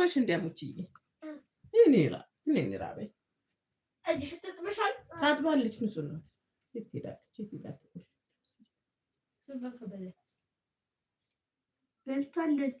Rabe እንዲያሞችዬ የኔ ራቤ ታጥባለች፣ ንጹህ ናት። የት ሄዳለች? የት ሄዳለች? በልታለች።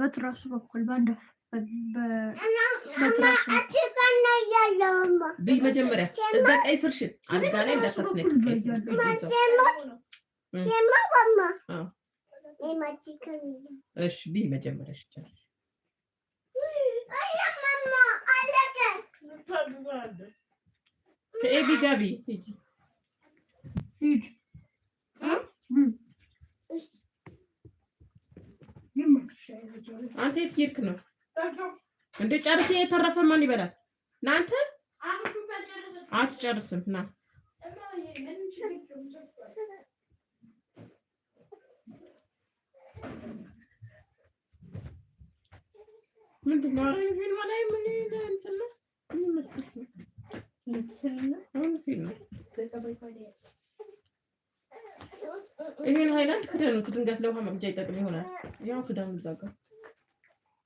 በትራሱ በኩል በንደፍ መጀመሪያ እዛ ቀይ ስርሽን አልጋ ላይ እንዳታስነክ። እሺ ብይ መጀመሪያ ይቻላል። ከኤቢ ጋቢ ሂጂ አንተ የት ነው እንደ ጨርሴ የተረፈ ማን ይበላል? ናንተ አትጨርስም። ና ይሄን በላይ ምን ነው ክደኑት። ድንገት ለውሃ መቅጃ ይጠቅም ይሆናል። ያው ክዳኑ እዛ ጋር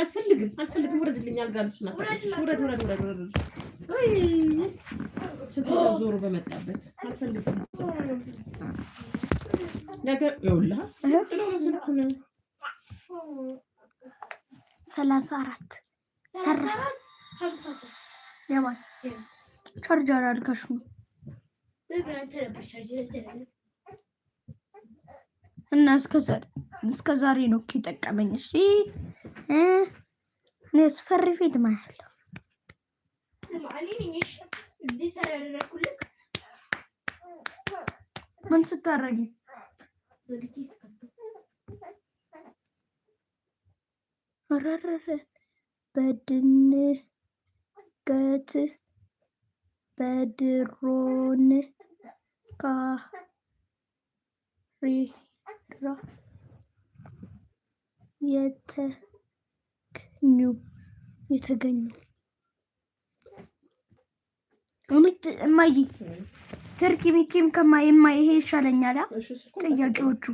አልፈልግም፣ አልፈልግም። ውረድልኝ፣ አልጋ ልብሱን አታውቅም። ውረድ፣ ውረድ፣ ውረድ፣ ውረድ። ወይ ስንት ዞሮ በመጣበት አልፈልግም። ነገር ይኸውልህ ጥሎ መስልኩ ነው። ሰላሳ አራት ሰራ የማን ቻርጅ አላልከሽም እና እስከ ዛሬ ነው እኮ የጠቀመኝ። እሺ እኔ አስፈሪ ፊልም አያለሁ። ምን ስታረጊ? ረረረ በድንገት በድሮን ካሪ ስራ የተገኙ የተገኙ እውነት እማዬ ትርኪ ሚኪም ከማይ ይሄ ይሻለኛል። ጥያቄዎቹ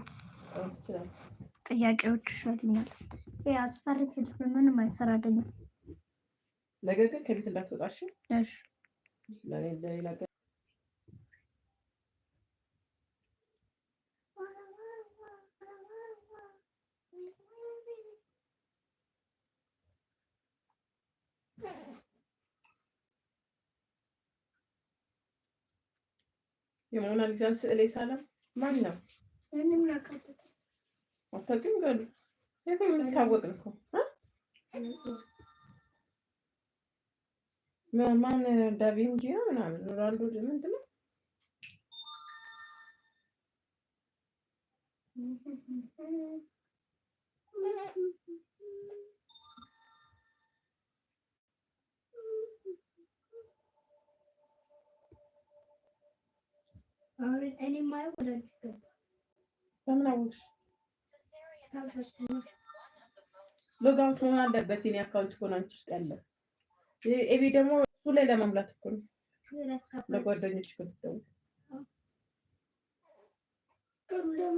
ጥያቄዎቹ ይሻለኛል። አስፈሪት ልጅ ምንም አይሰራልኝም። ነገር ግን ከቤት እንዳትወጣሽ የሞናሊዛን ስዕል የሳለም ማን ነው? አታውቂም? ገሉ ይህ የምታወቅ እኮ ማን ዳቪንጂ ምናምን ሮናልዶ ምንድን ነው? እኔ የማየው ወደ አንቺ ገባ። በምን አወቅሽ? ሎጋውት መሆን አለበት የኔ አካውንት እኮ ነው አንቺ ውስጥ ኤቢ ደግሞ እሱ ላይ ለመሙላት እኮ ነው ለጓደኞች ብር ከዶላር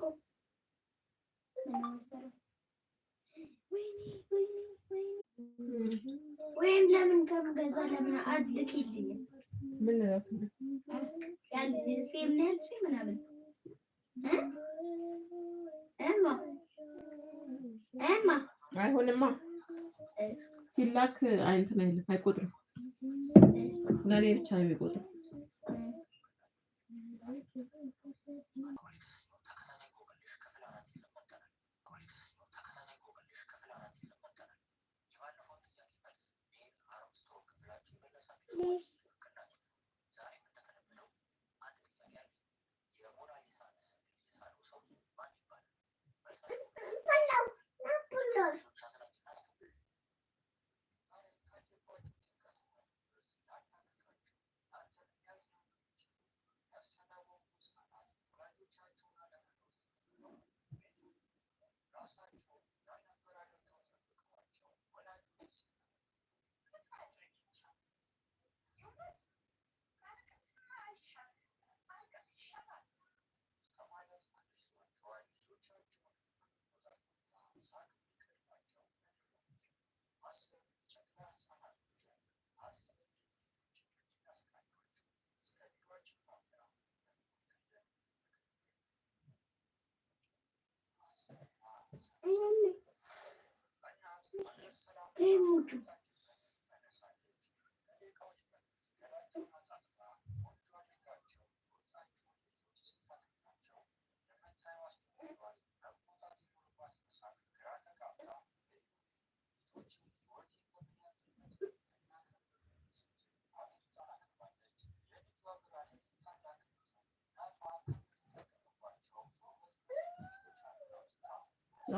ጋር ወይም ለምን ከምገዛ ለምን አድልክልኝ ምን ምናምን ማ አይሆንማ ሲላክ አይንትን አይልም አይቆጥርም ለእኔ ብቻ ነው የሚቆጥር Tengo mucho.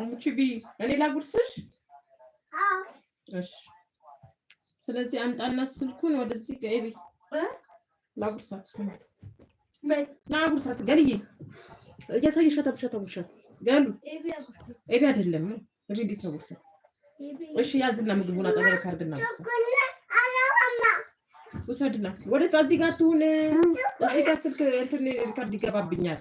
አንቺ ቢ እኔ ላጉርስሽ። እሺ፣ ስለዚህ አምጣና ስልኩን ወደዚህ ገቢ ላጉርሳት፣ ላጉርሳት። ገልዬ እያሳየ ሸተም ሸተም ሸት ገሉ ኤቢ አይደለም እቤ እንዴት ነው እሺ፣ ያዝና ምግቡን አጠገብ ካርግና ውሰድና ወደዛ እዚህ ጋር ትሁን። እዚህ ጋር ስልክ እንትን ሪካርድ ይገባብኛል።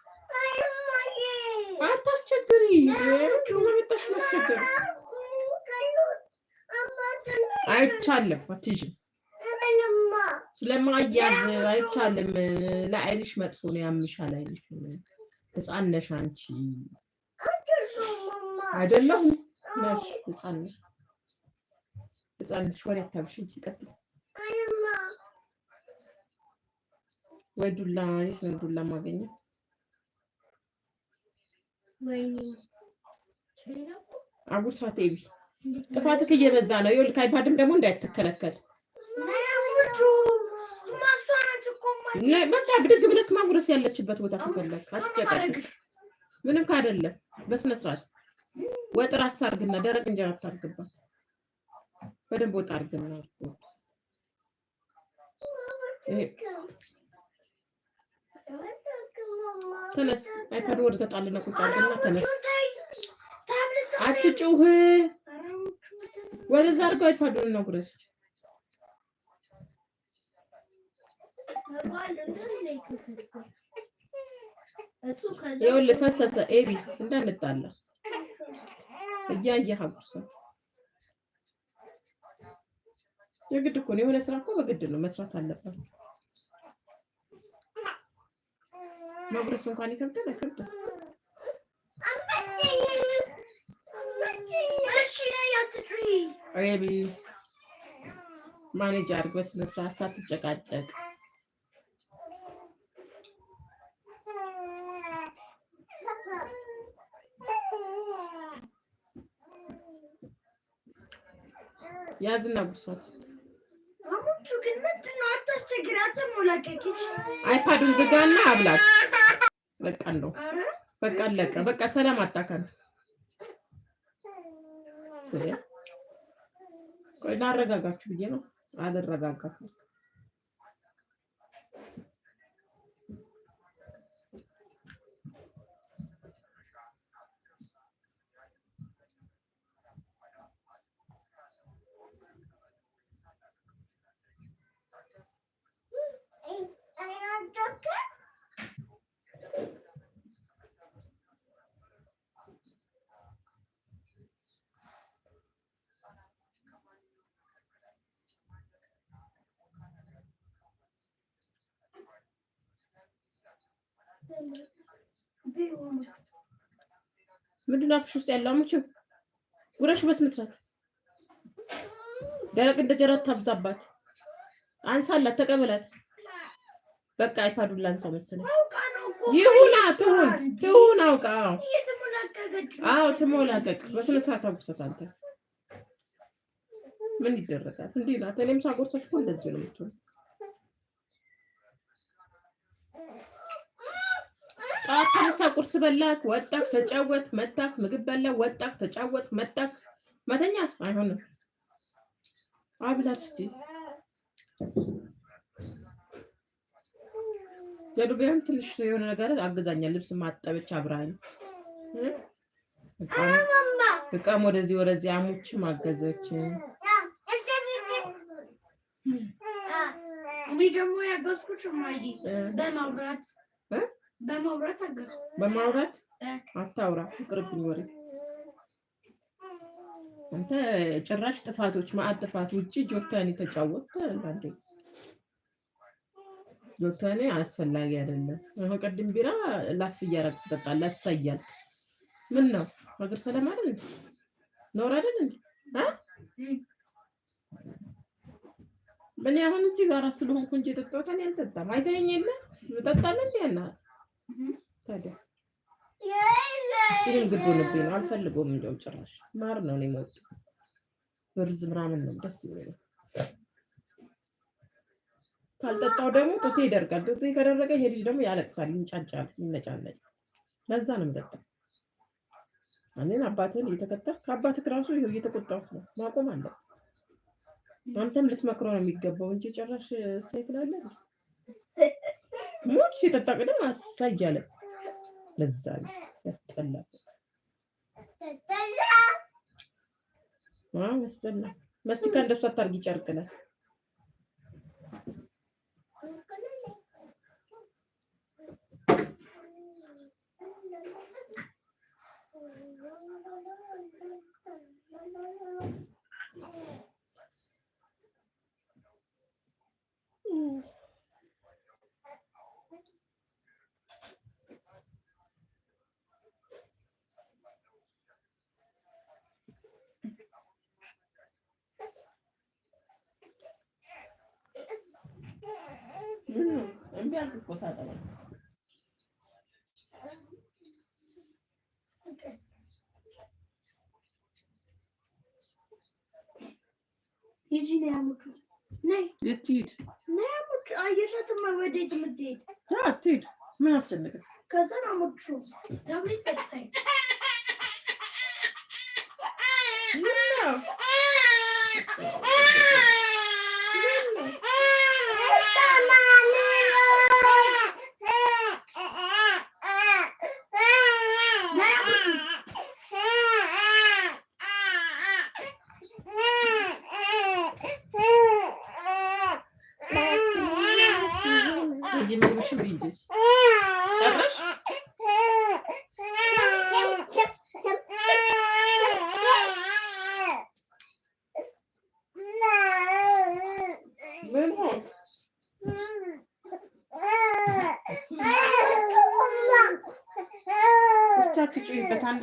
መጣሽ አይቻለም። አትይዥም ስለማያዝ አይቻልም። ለአይንሽ መጥፎ ነው፣ ያምሻል። አይንሽ ህፃን ነሽ አንቺ። አይደለሁም ነሽ ህፃን ነሽ፣ ህፃን ነሽ። ወሬ አታብሽ እንጂ ቀጥል። ወይ ዱላ የት ዱላ የማገኘው? አጉርሳት ጥፋትክ እየበዛ ነው። ይኸውልህ አይፓድም ደግሞ እንዳይትከለከል በቃ ብድግ ብለህ ማጉረስ ያለችበት ቦታ ከፈለክ አትጨቃጭቅ። ምንም ካደለም በስነ ስርዓት ወጥ ራስ አድርግና ደረቅ እንጀራ አታርግባት። በደንብ ወጥ አድርግና ተነስ። አይፓድ ወደ ተጣለነ ቁጭ አድርገና ተነስ። አትጩህ። ወደዛ አድርገው አይፓዱን ነው ጉረስ። ይኸውልህ ፈሰሰ። ኤቢ እያየህ የግድ እኮ ነው የሆነ ስራ እኮ በግድ ነው መስራት አለባቸው። Bobris እንኳን ይከብዳል አይከብዳል። ሬቢ ማኔጅ አድርግ በስነ ስርዓት ሳትጨቃጨቅ። ያዝና ጉሷት ግን ምንድን ነው? አታስቸግሪ፣ አትሞላቀቂ። አይፓዱን ዝጋና አብላት በቃ በቃ አለቀ። በቃ ሰላም አጣከን። ቆይ ላረጋጋችሁ ብዬ ነው። አልረጋጋችሁ ምንድን አፍሽ ውስጥ ያለው አሞችም ጉረሽ በስነ ስርዓት ደረቅ እንደጀራ ታብዛባት። አንሳላት፣ ተቀበላት። በቃ አይፓዱን ላንሳ መሰለኝ። ይሁና ትሁን ትሁን አውቃ። አዎ ትሞላቀቅ። በስነ ስርዓት አጉርሳት። አንተ ምን ይደረጋል? እንዲህ ናት። እኔም ሳጎርሳት እኮ እንደዚህ ነው የምትሆነው። ጠዋት ተነሳ፣ ቁርስ በላክ፣ ወጣክ፣ ተጫወት፣ መጣክ፣ ምግብ በላ፣ ወጣክ፣ ተጫወት፣ መጣክ። መተኛት አይሆንም። አብላት እስቲ የዱቤም ትንሽ የሆነ ነገር አግዛኛል። ልብስ ማጠበች አብራኝ እቃም ወደዚህ ወደዚህ አሙች ማገዘች። እኔ ደግሞ ያገዝኩት ማይ በማብራት በማውራት አታውራ፣ ይቅርብኝ ወሬ። አንተ ጭራሽ ጥፋቶች ማአት ጥፋት ውጭ ጆታኔ ተጫወት። አንዳንዴ ጆታኔ አስፈላጊ አይደለም። አሁን ቅድም ቢራ ላፍ እያረግ ትጠጣለህ፣ ለሳያል። ምን ነው ሀገር ሰላም አይደል እንዴ? ኖር አይደል እንዴ? እኔ አሁን እዚህ ጋር ስለሆንኩ እንጂ የጠጣሁት እኔ አልጠጣም። አይተኸኝ የለ እጠጣለሁ እንዴ ታዲያ ሲሪን ነው። አልፈልገውም። እንደውም ጭራሽ ማር ነው ብርዝ ምናምን ነው ደስ ካልጠጣው ደግሞ ጡቴ ይደርጋል። ጡቴ ከደረቀ ይሄ ልጅ ደግሞ ያለቅሳል፣ ይንጫጫል፣ ይነጫነጭ። ለዛ ነው የምጠጣው። እኔን አባትህን እየተከተል ከአባትህ ይኸው እየተቆጣሁት ነው። ማቆም አለ። አንተም ልትመክረው ነው የሚገባው እንጂ ጭራሽ ሲጠጣ ቅድም አሳያለን ለዛ ያስጠላል። አዎ ያስጠላል። መስቲካ እንደሱ አታርጊ። ጨርቅ አድርግ እኮ ታጠበው። ሂጂ ነው ያሙቹ ነይ ነይ ያሙቹ አየሻትማ ወዴት ምን አስጨነቀ ከዛ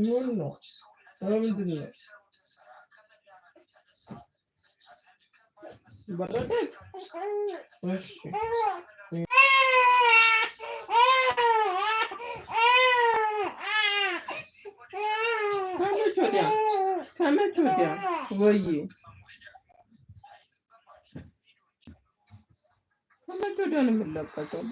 ምን ነው ምንድን ነው በረከት? ወዲያ ነው የምንለቀቀው?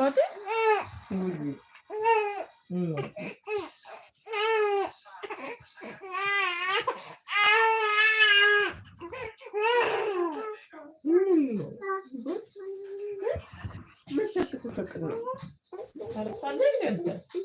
Alexander är inte.